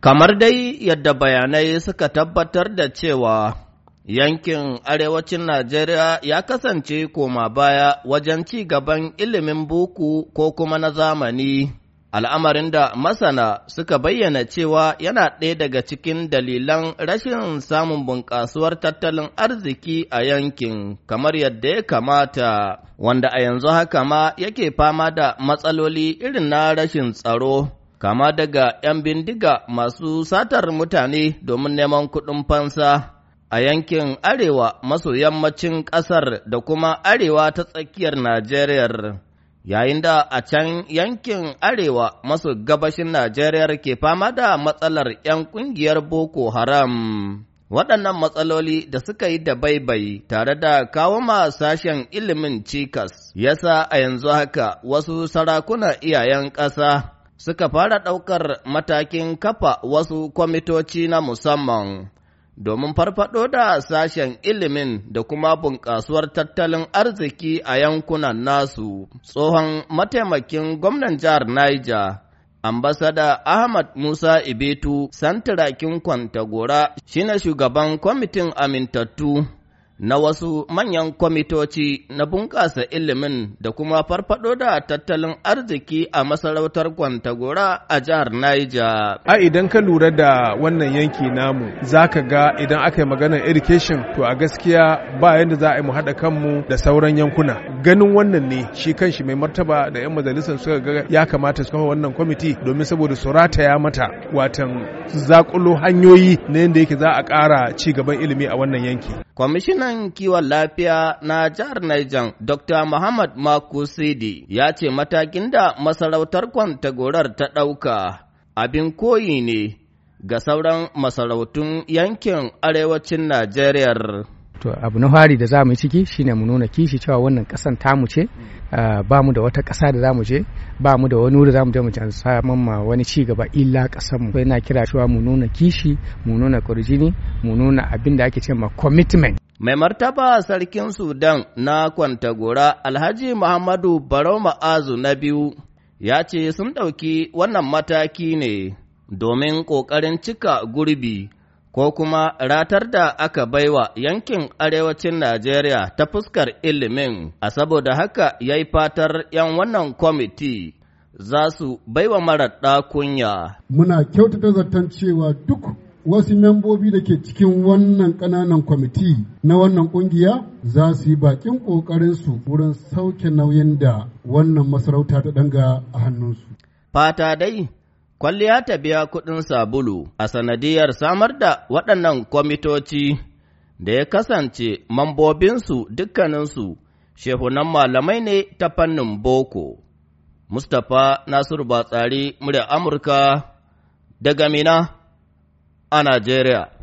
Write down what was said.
Kamar dai yadda bayanai suka tabbatar da cewa yankin arewacin Najeriya ya kasance koma baya wajen ci gaban ilimin buku ko kuma na zamani, al'amarin da masana suka bayyana cewa yana ɗaya daga cikin dalilan rashin samun bunƙasuwar tattalin arziki a yankin kamar yadda ya kamata, wanda a yanzu haka ma yake fama da matsaloli irin na rashin tsaro. kama daga ‘yan bindiga masu satar mutane domin neman kuɗin fansa a yankin arewa maso yammacin ƙasar da kuma arewa ta tsakiyar Najeriya, yayin da a can yankin arewa maso gabashin Najeriya ke fama da matsalar ‘yan ƙungiyar Boko Haram. Waɗannan matsaloli da suka yi da baibai tare da kawo ma sashen ilimin cikas, yasa a yanzu haka wasu sarakuna iyayen ƙasa suka fara ɗaukar matakin kafa wasu kwamitoci na musamman domin farfaɗo da sashen ilimin da kuma bunƙasuwar tattalin arziki a yankunan nasu. Tsohon mataimakin gwamnan jihar Niger, ambasada Ahmad Musa Ibitu, santirakin Kwantagora, shine shugaban kwamitin amintattu. na wasu manyan kwamitoci na bunƙasa ilimin da kuma farfaɗo da tattalin arziki a masarautar Kwantagora a jihar Niger. A idan ka lura da wannan yanki namu za ka ga idan aka yi maganar education to a gaskiya ba yadda za a yi mu haɗa kanmu da sauran yankuna. Ganin wannan ne shi kanshi mai martaba da 'yan majalisar suka ga ya kamata su kafa wannan kwamiti domin saboda su rataya mata watan zakulo hanyoyi na yadda yake za a ƙara ci gaban ilimi a wannan yanki. Kwamishinan kwamishinan kiwon lafiya na jihar Niger, Dr. Muhammad Makusidi, ya ce matakin da masarautar kwantagorar ta ɗauka abin koyi ne ga sauran masarautun yankin arewacin Najeriya. To abu na fari da za mu ciki ciki shine mu nuna kishi cewa wannan kasan tamu ce ba mu da wata kasa da za mu je ba mu da wani wuri za mu je mu samun ma wani ci gaba illa kasan mu. ina kira cewa mu nuna kishi, mu nuna kurjini, mu nuna abin da ake ce ma commitment. Mai martaba sarkin Sudan na Kwantagora Alhaji Muhammadu Barau Ma'azu na biyu ya ce sun ɗauki wannan mataki ne domin ƙoƙarin cika gurbi ko kuma ratar da aka baiwa yankin arewacin Najeriya ta fuskar ilimin, a saboda haka ya yi fatar 'yan wannan kwamiti za su baiwa marar ɗakunya. Muna kyautata zaton cewa duk wasu membobi da ke cikin wannan ƙananan kwamiti na wannan ƙungiya za su yi bakin ƙoƙarinsu wurin sauke nauyin da wannan masarauta ta danga a hannunsu. Fata dai, kwalliya ta biya kuɗin sabulu a sanadiyar samar da waɗannan kwamitoci da ya kasance mambobinsu dukkaninsu shehunan malamai ne ta fannin boko. Mustapha Nasiru Batsari, murya Amurka, daga Mina. a Najeriya.